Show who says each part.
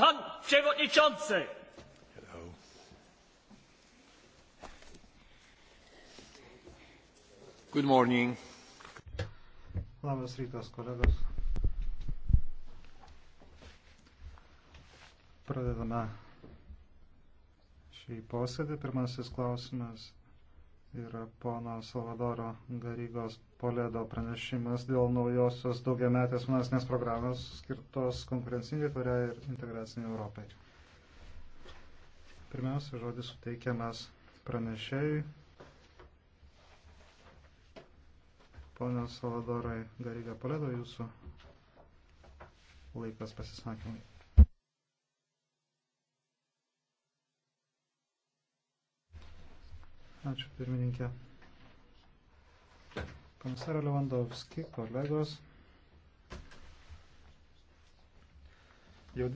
Speaker 1: Pan przewodniczący! Hello.
Speaker 2: Good morning.
Speaker 3: Labas rytas, kolegos. Pradedame šį posėdį. Pirmasis klausimas yra pono Salvadoro Garygos Poledo pranešimas dėl naujosios daugiametės finansinės programos skirtos konkurencingai tvariai ir integraciniai Europai. Pirmiausia, žodis suteikiamas pranešėjui. Pone Salvadorai Garyga Poledo, jūsų laikas pasisakymai. Ačiū pirmininkė. Komisarė Lewandowski, kolegos.